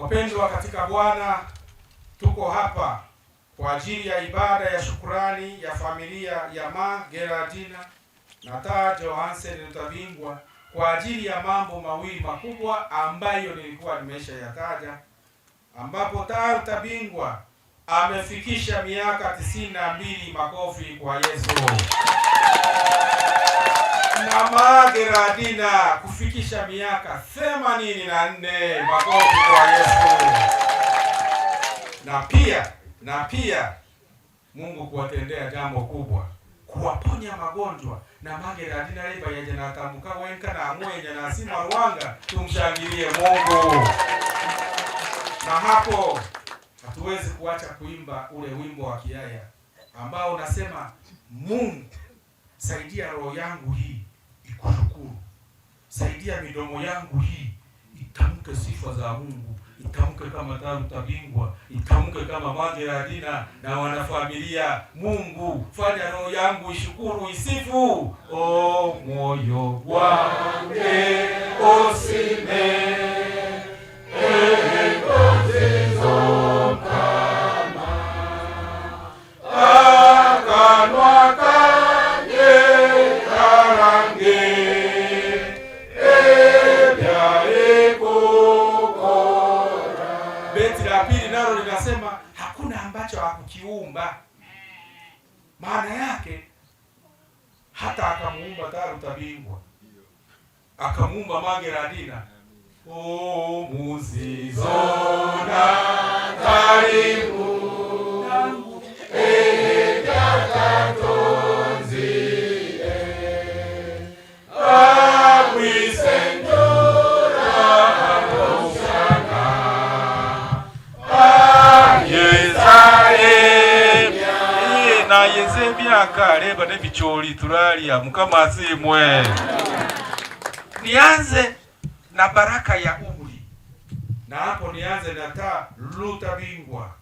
wapendwa katika Bwana, tuko hapa kwa ajili ya ibada ya shukurani ya familia ya Ma Geraldina na Ta Johansen Rutavimbwa kwa ajili ya mambo mawili makubwa ambayo nilikuwa yataja, ambapo Ta Rutavimbwa amefikisha miaka tisini na mbili. Makofi kwa Yesu. Tamagira kufikisha miaka themanini na nne. Makofi kwa Yesu. Na pia na pia Mungu kuwatendea jambo kubwa, kuwaponya magonjwa na Magira leba yaje na tambuka wenka na amwenye na sima ruwanga. Tumshangilie Mungu. Na hapo hatuwezi kuacha kuimba ule wimbo wa kiaya ambao unasema Mungu saidia roho yangu hii kwa saidia midomo yangu hii itamke sifa za Mungu, itamke kama taruta tabingwa itamke kama mange ya Dina na wanafamilia. Mungu, fanya roho yangu ishukuru, isifu. O moyo osime eh. ambacho hakukiumba. Maana yake hata akamuumba tarutabingwa akamuumba mageradina o muzizona taribu ase emyaka aleba n'ebicooli tulalya mukama asiimwe nianze na baraka ya umri na hapo nianze na taa Luta Bingwa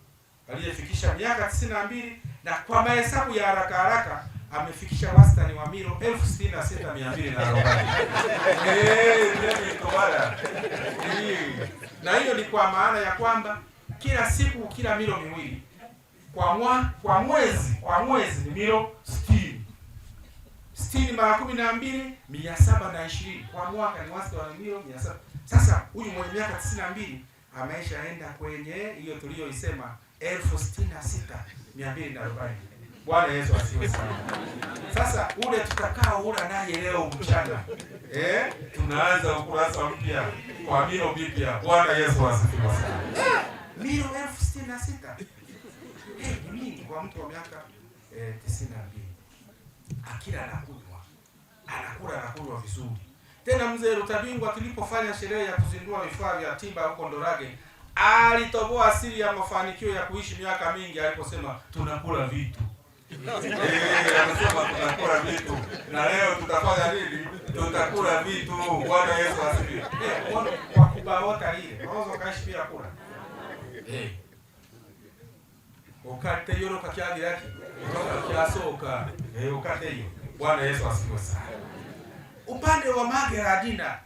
aliyefikisha miaka tisini na mbili na kwa mahesabu ya haraka haraka amefikisha wastani wa milo elfu sitini na sita mia mbili na arobaini na hiyo ni kwa maana ya kwamba kila siku kila milo miwili kwa mwa, kwa mwezi kwa mwezi ni milo sitini sitini mara kumi na mbili mia saba na ishirini kwa mwaka ni wastani wa milo mia saba Sasa huyu mwenye miaka tisini na mbili ameshaenda kwenye hiyo tuliyoisema elfu sitini na sita mia mbili na arobaini Bwana Yesu asifiwe sana. Sasa ule tutakao ula naye leo mchana eh, tunaanza ukurasa mpya kwa milo mipya. Bwana Yesu asifiwe sana. Eh, milo elfu sitini na sita begi kwa mtu wa miaka eh, tisini na mbili akila anakunywa anakula anakunywa vizuri. Tena mzee Rutabingwa tulipofanya sherehe ya kuzindua vifaa vya tiba huko Ndorage alitoboa siri ya mafanikio ya kuishi miaka mingi aliposema tunakula vitu eh, anasema tunakula vitu na leo tutafanya nini? Tutakula vitu. Bwana Yesu asifiwe. Eh, kwa kubaota ile unaweza ukaishi bila kula. Eh ukatteyo lokakyagera ki kyasooka eh, ukatteyo bwana yesu asifiwe sana upande wa mageradina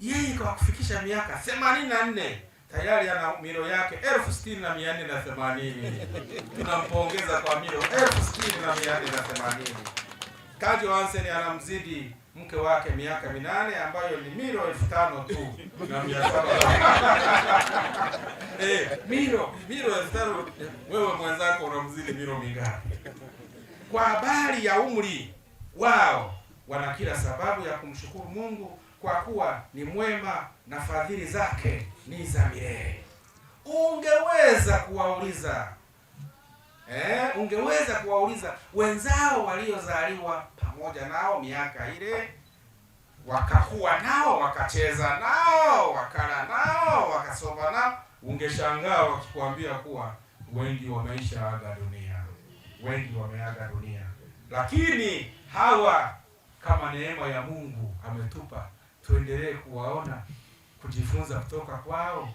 yeye kawakufikisha miaka themanini na nne tayari ana milo yake elfu sitini na mia nne na themanini tunampongeza kwa milo elfu sitini na mia nne na themanini kajo hanseni anamzidi mke wake miaka minane ambayo ni milo elfu tano tu na mia saba hey, eh, milo milo elfu tano Wewe mwenzako unamzidi milo mingapi? Kwa habari ya umri wao, wana kila sababu ya kumshukuru Mungu kwa kuwa ni mwema na fadhili zake ni za milele. Ungeweza kuwauliza Eh, ungeweza kuwauliza wenzao waliozaliwa pamoja nao miaka ile, wakakuwa nao, wakacheza nao, wakala nao, wakasoma nao, ungeshangaa wakikwambia kuwa wengi aga dunia, wengi wameaga dunia. Lakini hawa kama neema ya Mungu ametupa, tuendelee kuwaona, kujifunza kutoka kwao,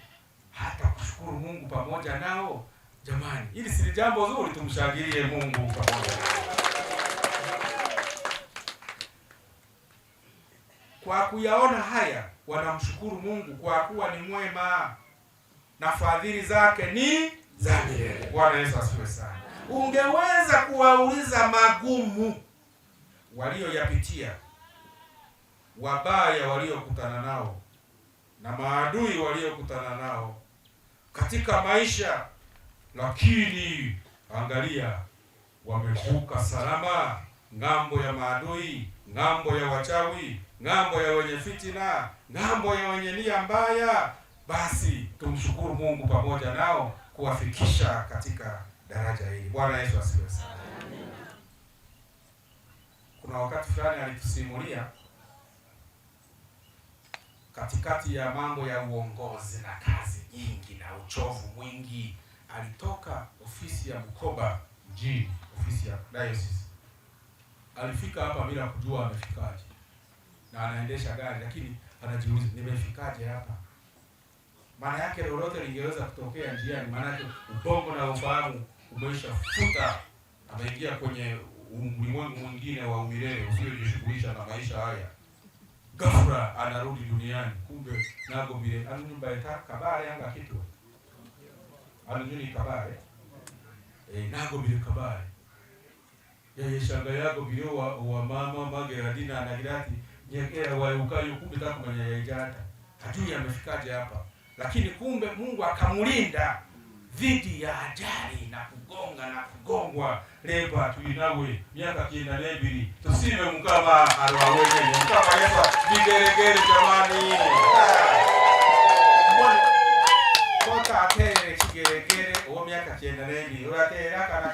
hata kushukuru Mungu pamoja nao. Jamani, hili si jambo zuri, tumshangilie Mungu pamoja. Kwa kuyaona haya, wanamshukuru Mungu kwa kuwa ni mwema na fadhili zake ni za milele. Bwana Yesu asifiwe sana. Ungeweza kuwauliza magumu walioyapitia, wabaya waliokutana nao na maadui waliokutana nao katika maisha lakini angalia, wamevuka salama ng'ambo ya maadui, ng'ambo ya wachawi, ng'ambo ya wenye fitina, ng'ambo ya wenye nia mbaya. Basi tumshukuru Mungu pamoja nao kuwafikisha katika daraja hili. Bwana Yesu asifiwe sana. Kuna wakati fulani alitusimulia katikati ya mambo ya uongozi na kazi nyingi na uchovu mwingi alitoka ofisi ya Bukoba mjini, ofisi ya diocese, alifika hapa bila kujua amefikaje, na anaendesha gari lakini anajiuliza nimefikaje hapa? Maana yake lolote lingeweza kutokea njiani, maana yake ubongo na ufahamu futa, ameingia kwenye ulimwengu mwingine wa umilele usiojishughulisha na maisha haya. Ghafla anarudi duniani, kumbe nago bile anumba etaka kabale yanga kitu Eh, bi kabare ya yeshanga yago biro wa, wa mama magera dina anagira ati nyekera wa ukayo kumbe ijata hatu ya amefikaje hapa lakini kumbe Mungu akamlinda dhidi ya ajali na kugonga na kugongwa leba tulinawe miaka kienda nebili tusime mkama arwawene mkama yesa vigeregere jamani mwaka kĩrĩkĩrĩ kana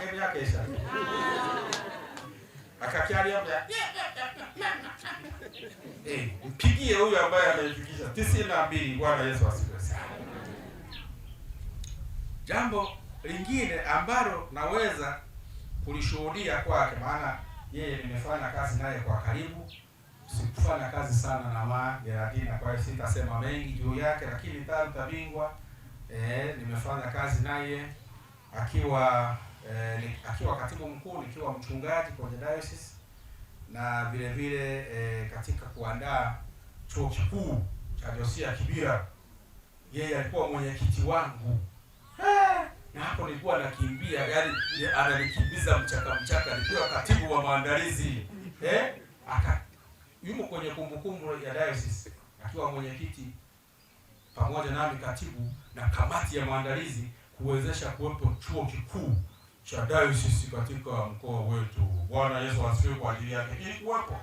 mpigie ambaye tisini na mbili. Bwana Yesu asifiwe sana. Jambo lingine ambalo naweza kulishuhudia kwake, maana yeye nimefanya kazi naye kwa karibu, sikufanya kazi sana na Maa Geradina, kwa hiyo sitasema mengi juu yake, lakini tarutabingwa eh, nimefanya kazi naye akiwa eh, akiwa katibu mkuu nikiwa mchungaji kwenye diocese na vile vile eh, katika kuandaa chuo kikuu cha Josia Kibira, yeye alikuwa mwenyekiti wangu eh, na hapo nilikuwa nakimbia, yani ananikimbiza mchaka mchaka nikiwa katibu wa maandalizi eh, aka yumo kwenye kumbukumbu ya diocese akiwa mwenyekiti pamoja nami katibu na kamati ya maandalizi kuwezesha kuwepo chuo kikuu cha dayosisi katika mkoa wetu. Bwana Yesu asifiwe kwa ajili yake, ilikuwepo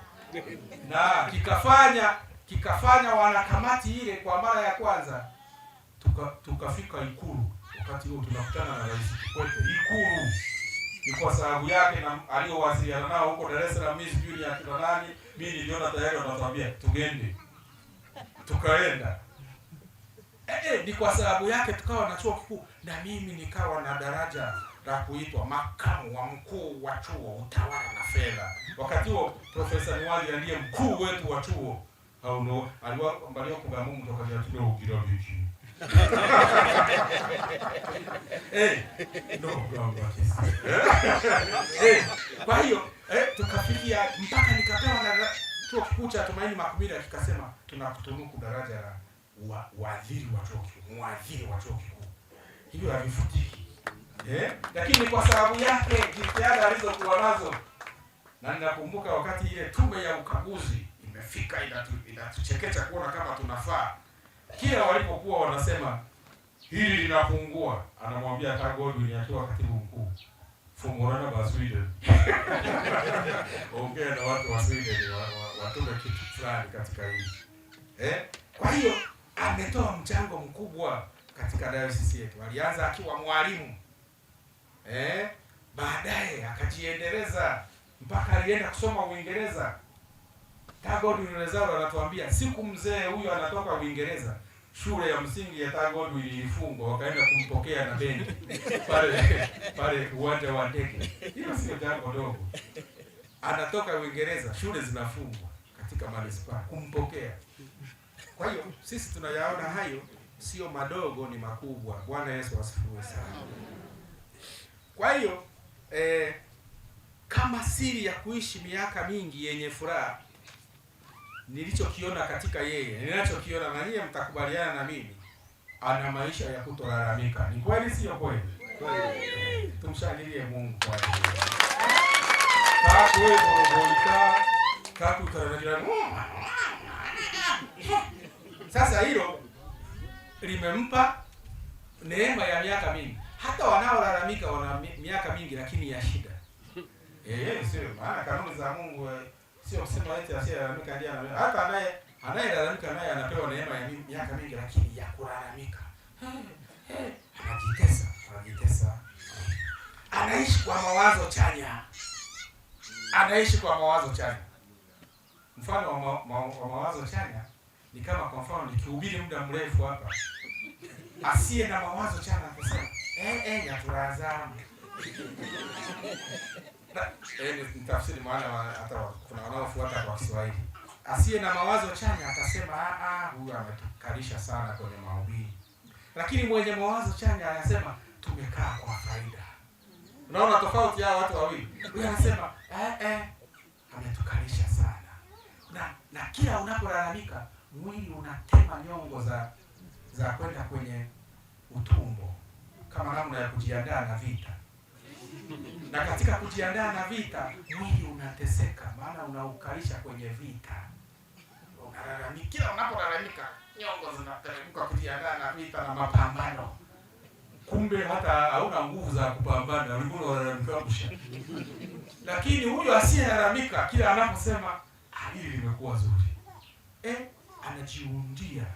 na kikafanya kikafanya wanakamati ile kwa mara ya kwanza tuka, tukafika Ikulu. Wakati huo tunakutana na Rais Kikwete Ikulu, ni kwa sababu yake na aliyowasiliana nao huko Dar es Salaam, mimi sijui ni akina nani. Mimi niliona tayari wanatuambia tugende, tukaenda eh, eh, ni kwa sababu yake tukawa na chuo kikuu na mimi nikawa na daraja la kuitwa makamu wa mkuu wa chuo utawala na fedha. Wakati huo Profesa Niwali ndiye mkuu wetu wa chuo auno aliwakumbaliwa Mungu toka jatulo ugira eh no eh, eh kwa hiyo eh, tukafikia mpaka nikapewa na chuo kikuu cha Tumaini Makumira kikasema tunakutunuku daraja la wa, waathiri wa chuo kikuu, mwathiri wa chuo kikuu, hivyo havifutiki eh, lakini kwa sababu yake jitihada alizokuwa nazo, na ninakumbuka wakati ile tume ya ukaguzi imefika inatu, inatuchekecha kuona kama tunafaa, kila walipokuwa wanasema hili linapungua, anamwambia hata Godwin akiwa katibu mkuu fungurana ba Sweden ongea na watu wa Sweden watume kitu fulani katika hili eh, kwa hiyo ametoa mchango mkubwa katika dayosisi yetu. Alianza akiwa mwalimu eh, baadaye akajiendeleza mpaka alienda kusoma Uingereza. Tagod Rwezaura anatuambia siku mzee huyo anatoka Uingereza, shule ya msingi ya Tagod ilifungwa, wakaenda kumpokea na bendi pale pale uwanja wa ndege. Hilo sio jambo dogo. Anatoka Uingereza, shule zinafungwa katika manispaa kumpokea kwa hiyo sisi tunayaona hayo sio madogo, ni makubwa. Bwana Yesu asifiwe sana. Kwa hiyo eh, kama siri ya kuishi miaka mingi yenye furaha nilichokiona katika yeye, ninachokiona na yeye, mtakubaliana na mimi, ana maisha ya kutolalamika. Ni kweli, sio kweli? Kweli. Tumshangilie Mungu kwa hiyo. Sasa hilo limempa neema ya miaka mingi. Hata wanaolalamika wana miaka mingi, lakini ya shida eh, sio maana kanuni za Mungu eh, sio sema eti asiyelalamika ndiye anaye. Hata anaye anayelalamika naye anapewa neema ya miaka mingi, lakini ya kulalamika anajitesa, anajitesa, anaishi kwa mawazo chanya, anaishi kwa mawazo chanya. Mfano wa, ma, ma, wa mawazo chanya ni kama kwa mfano nikihubiri muda mrefu hapa, asiye na mawazo chana akasema eh, eh, yaturazana eh, tafsiri maana hata kuna wanaofuata kwa Kiswahili. Asiye na mawazo chanya atasema ah, ah huyu ametukarisha sana kwenye mahubiri, lakini mwenye mawazo chanya anasema tumekaa kwa faida. Unaona tofauti ya watu wawili, huyu anasema eh, eh, ametukarisha sana na na kila unapolalamika mwili unatema nyongo za za kwenda kwenye utumbo kama namna ya kujiandaa na vita, na katika kujiandaa na vita mwili unateseka, maana unaukalisha kwenye vita, unalalamika. Unapolalamika nyongo zinateremka kujiandaa na vita na mapambano, kumbe hata hauna nguvu za kupambana, ulikuwa unalalamika. Lakini huyo asiyelalamika kila anaposema hili limekuwa zuri eh? anajiundia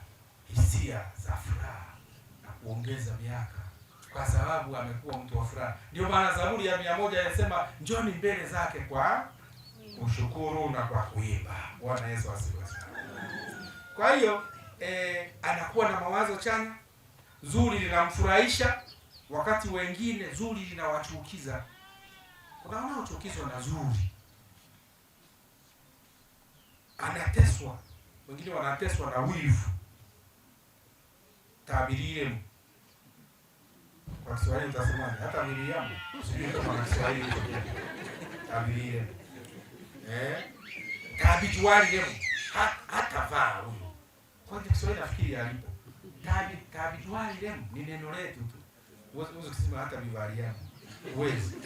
hisia za furaha na kuongeza miaka, kwa sababu amekuwa mtu wa furaha. Ndio maana Zaburi ya mia moja inasema njoni mbele zake kwa kushukuru na kwa kuimba. Bwana Yesu asifiwe. Kwa hiyo eh, anakuwa na mawazo chanya, zuri linamfurahisha, wakati wengine zuri linawachukiza. Kuna wanaochukizwa na zuri, anateswa wengine wanateswa na wivu, tabiri ile kwa Kiswahili utasemaje? Hata Miriamu sijui kama kwa Kiswahili tabiri ile eh, wali ile hata vaa huyo. Kwa Kiswahili nafikiri alipo tabi wali ile ni neno letu tu, uweze kusema hata mivali yangu uweze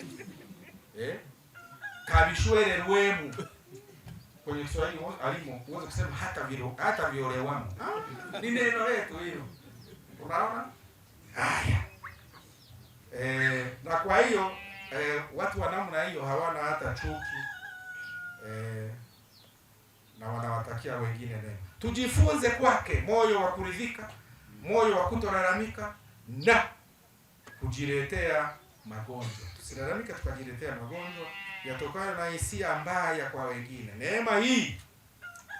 eh kabishwele rwemu kwenye Kiswahili alimo uweze kusema hata vile hata vile wangu. Ah, ni neno letu hilo. Unaona? Haya. Eh, na kwa hiyo eh, watu wa namna hiyo hawana hata chuki. Eh, na wanawatakia wengine neno. Tujifunze kwake moyo wa kuridhika, moyo wa kutolalamika na kujiletea magonjwa. Tusilalamike tukajiletea magonjwa yatokana na hisia mbaya kwa wengine. Neema hii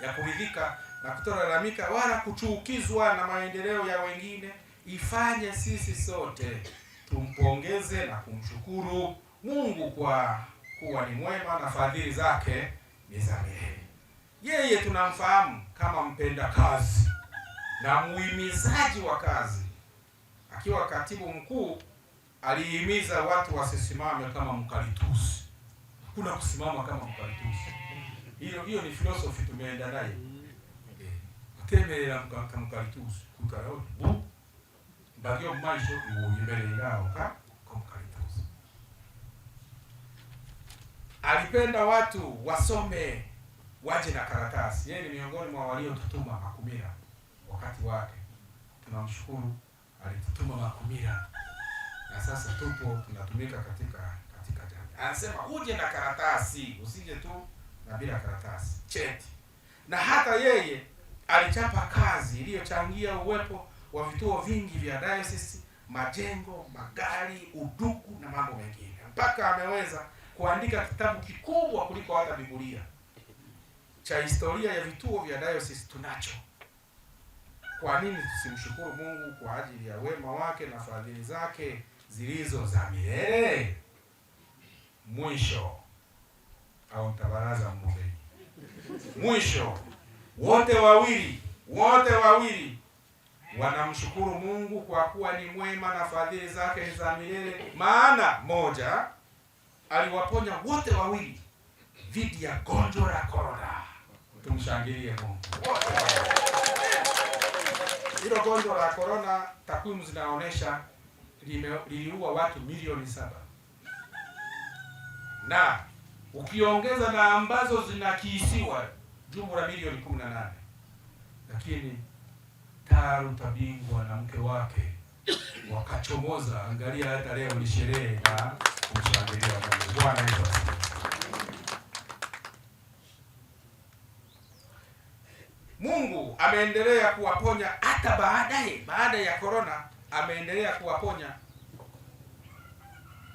ya kuridhika na kutolalamika wala kuchukizwa na maendeleo ya wengine ifanye sisi sote tumpongeze na kumshukuru Mungu kwa kuwa ni mwema na fadhili zake ni za milele. Yeye tunamfahamu kama mpenda kazi na muhimizaji wa kazi. Akiwa katibu mkuu alihimiza watu wasisimame kama mkalitusi kuna kusimama kama mkatusi. Hiyo hiyo ni filosofi tumeenda nayo kutemerera mkaritusi kukaraho bu bagyo maisho imbere yao ka mkaritusi. Alipenda watu wasome waje na karatasi. Yeye ni miongoni mwa waliotutuma Makumira wakati wake, tunamshukuru alitutuma Makumira na sasa tupo tunatumika katika anasema uje na karatasi, usije tu na bila karatasi, cheti. Na hata yeye alichapa kazi iliyochangia uwepo wa vituo vingi vya diocese majengo, magari, uduku na mambo mengine, mpaka ameweza kuandika kitabu kikubwa kuliko hata Biblia cha historia ya vituo vya diocese Tunacho. Kwa nini tusimshukuru Mungu kwa ajili ya wema wake na fadhili zake zilizo za milele? mwisho au mtabaraza mbumbeni mwisho, wote wawili wote wawili wanamshukuru Mungu kwa kuwa ni mwema na fadhili zake za milele, maana moja aliwaponya wote wawili dhidi ya gonjwa la korona. Tumshangilie Mungu hilo gonjwa la korona, takwimu zinaonyesha liliua watu milioni saba na ukiongeza na ambazo zinakiisiwa jumla milioni kumi na nane lakini Taru Bingwa na mke wake wakachomoza. Angalia hata leo ni sherehe na kumshangilia Bwana Yesu. Mungu ameendelea kuwaponya hata baadaye, baada ya korona ameendelea kuwaponya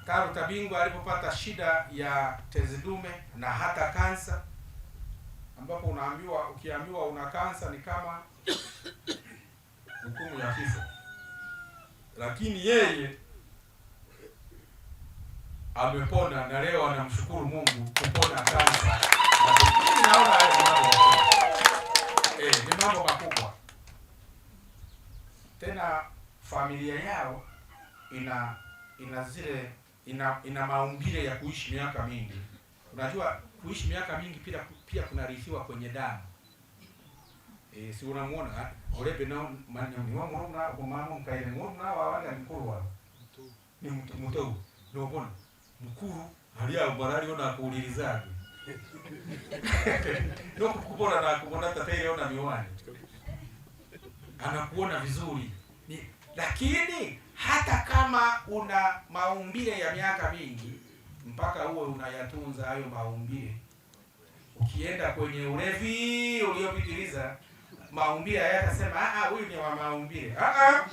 Taruta bingwa alipopata shida ya tezi dume na hata kansa, ambapo unaambiwa ukiambiwa una kansa ni kama hukumu ya kifo, lakini yeye amepona na leo anamshukuru Mungu kupona kansa. Naona eh, ni mambo makubwa. Tena familia yao ina ina zile ina ina maumbile ya kuishi miaka mingi. Unajua kuishi miaka mingi pia pia kunarithiwa kwenye damu. E, si unamuona olepe na manyoni wa mwana kwa mama mkaile mwana wa wale mkuru wa ni mtu mtu ndio bona mkuru halia ubarari ona kuulirizaje ndio kukubona na kuona tatere ona miwani anakuona vizuri ni lakini hata kama una maumbile ya miaka mingi, mpaka uwe unayatunza hayo maumbile. Ukienda kwenye ulevi uliopitiliza, maumbile hayatasema ah, ah huyu ni wa maumbile ah, ah.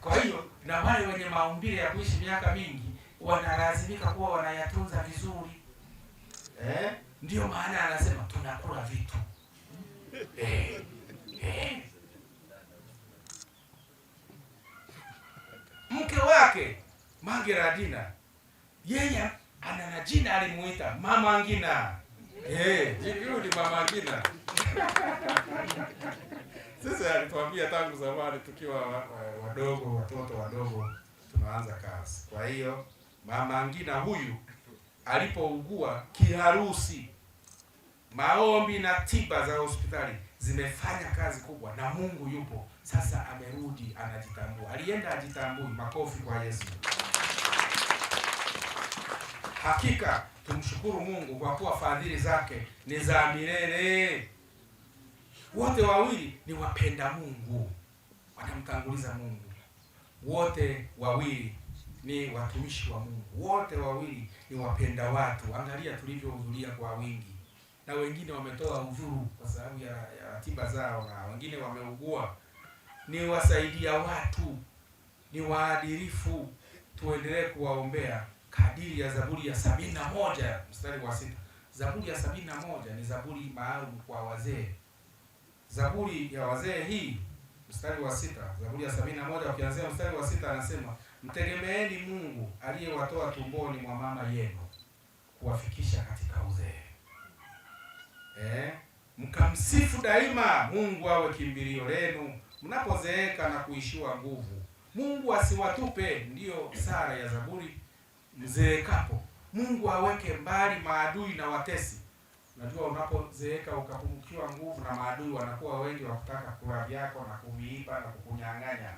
Kwa hiyo na wale wenye maumbile ya kuishi miaka mingi wanalazimika kuwa wanayatunza vizuri eh? Ndiyo maana anasema tunakula vitu eh. Eh. mke wake Mangira Adina, yeye ana na jina alimuita Mama Angina. Eh, jirudi Mama Ngina. Sasa alituambia tangu zamani tukiwa wadogo, watoto wadogo tunaanza kazi. Kwa hiyo Mama Ngina huyu alipougua kiharusi, maombi na tiba za hospitali zimefanya kazi kubwa, na Mungu yupo sasa amerudi anajitambua, alienda ajitambui. Makofi kwa Yesu. Hakika tumshukuru Mungu kwa kuwa fadhili zake ni za milele. Wote wawili ni wapenda Mungu, wanamtanguliza Mungu. Wote wawili ni watumishi wa Mungu, wote wawili ni wapenda watu. Angalia tulivyohudhuria kwa wingi, na wengine wametoa udhuru kwa sababu ya, ratiba zao, na wengine wameugua ni wasaidia watu, ni waadilifu. Tuendelee kuwaombea kadiri ya Zaburi ya sabini na moja mstari wa sita. Zaburi ya sabini na moja ni zaburi maalum kwa wazee. Zaburi ya wazee hii mstari wa sita, Zaburi ya sabini na moja ukianzia mstari wa sita anasema mtegemeeni Mungu aliyewatoa tumboni mwa mama yenu kuwafikisha katika uzee eh? Mkamsifu daima Mungu awe kimbilio lenu mnapozeeka na kuishiwa nguvu, Mungu asiwatupe. Ndiyo sara ya Zaburi, mzeekapo Mungu aweke mbali maadui na watesi. Unajua, unapozeeka ukapungukiwa nguvu na maadui wanakuwa wengi wa kutaka kula vyako na kuviiba na kukunyang'anya,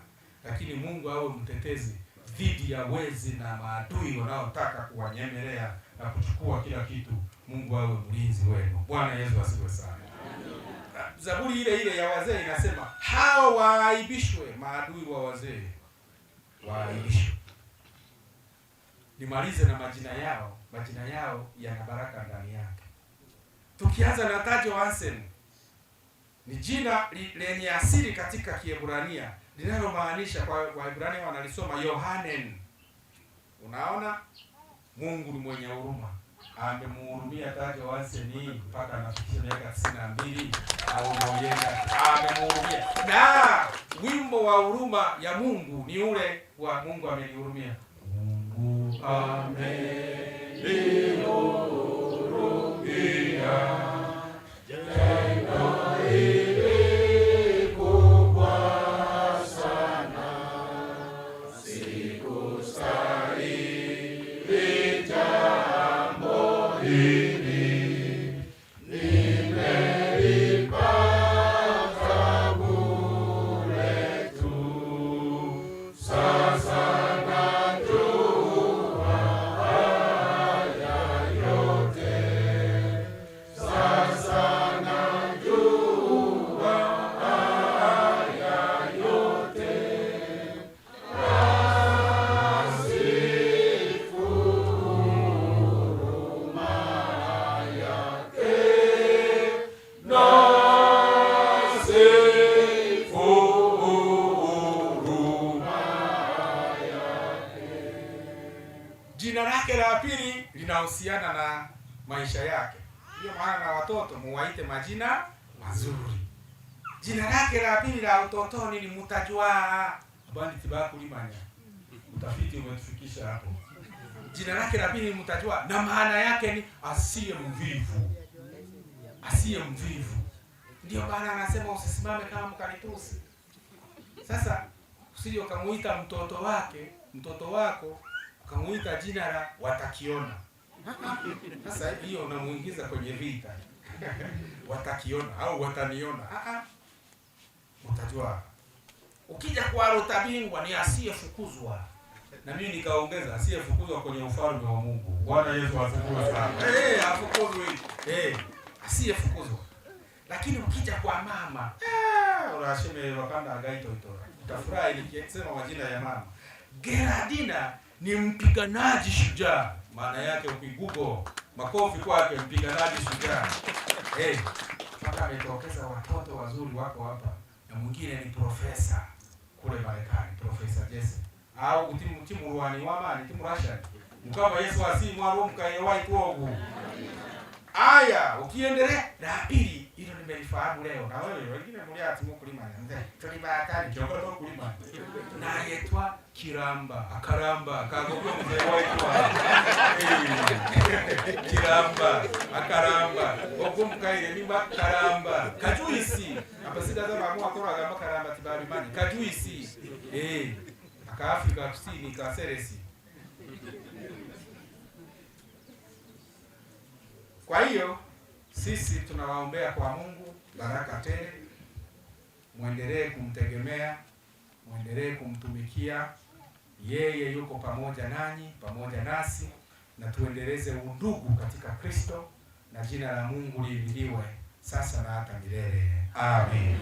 lakini Mungu awe mtetezi dhidi ya wezi na maadui wanaotaka kuwanyemelea na kuchukua kila kitu. Mungu awe mlinzi wenu. Bwana Yesu asifiwe sana. Zaburi ile ile ya wazee inasema hao waaibishwe, maadui wa wazee waaibishwe. Nimalize na majina yao, majina yao yana baraka ndani yake. Tukianza na Tajo Hansen, ni jina lenye asili katika Kiebrania linalomaanisha kwa Waebrania wanalisoma Yohanen. Unaona, Mungu ni mwenye huruma angemuhurumia take wanseni mpaka anafikia miaka tisini na mbili au Mauyenda amemuhurumia. Na wimbo wa huruma ya Mungu ni ule wa Mungu amenihurumia, Mungu amenihurumia na watoto muwaite majina mazuri. Jina lake la pili la utotoni ni Mutajwaha. Bwana tiba kulimanya. Utafiti umetufikisha hapo. Jina lake la pili ni Mutajwaha na maana yake ni asiye mvivu. Asiye mvivu. Ndio Bwana anasema usisimame kama mkaritusi. Sasa usije ukamuita mtoto wake, mtoto wako ukamuita jina la watakiona. Sasa hiyo unamuingiza kwenye vita watakiona au wataniona, ah, ah. utajua. Ukija kwa rutabingwa ni asiyefukuzwa, na mimi nikaongeza asiyefukuzwa kwenye ufalme wa Mungu. Bwana Yesu afukuzwe sana, eh, eh, afukuzwe eh, asiyefukuzwa. Lakini ukija kwa mama eh, ah, urashime wakanda agaito itora, utafurahi nikisema majina ya mama Geradina ni mpiganaji shujaa. Maana yake ukigugo makofi kwake, mpiganaji shujaa hey. Mpaka ametokeza watoto wazuri wako hapa, na mwingine ni profesa kule Marekani, Profesa Jesse au utimu timu ruani wa mani timu rasha mkama Yesu asimwaro mkaewai kuogu aya ukiendelea na pili hilo nimelifahamu leo na wewe wengine mliatimu kulima ndio tulibaatani jombo kulima na yetwa kiramba akaramba akagogo mzewaitwa kiramba akaramba okumkaire mimba karamba kajuisi apa sidazamamu akora gamba karamba tibari mani kajuisi eh akaafrika kusini kaseresi kwa hiyo sisi tunawaombea kwa Mungu baraka tele, mwendelee kumtegemea, mwendelee kumtumikia. Yeye yuko pamoja nanyi, pamoja nasi, na tuendeleze undugu katika Kristo, na jina la Mungu lihimidiwe sasa na hata milele. Amen.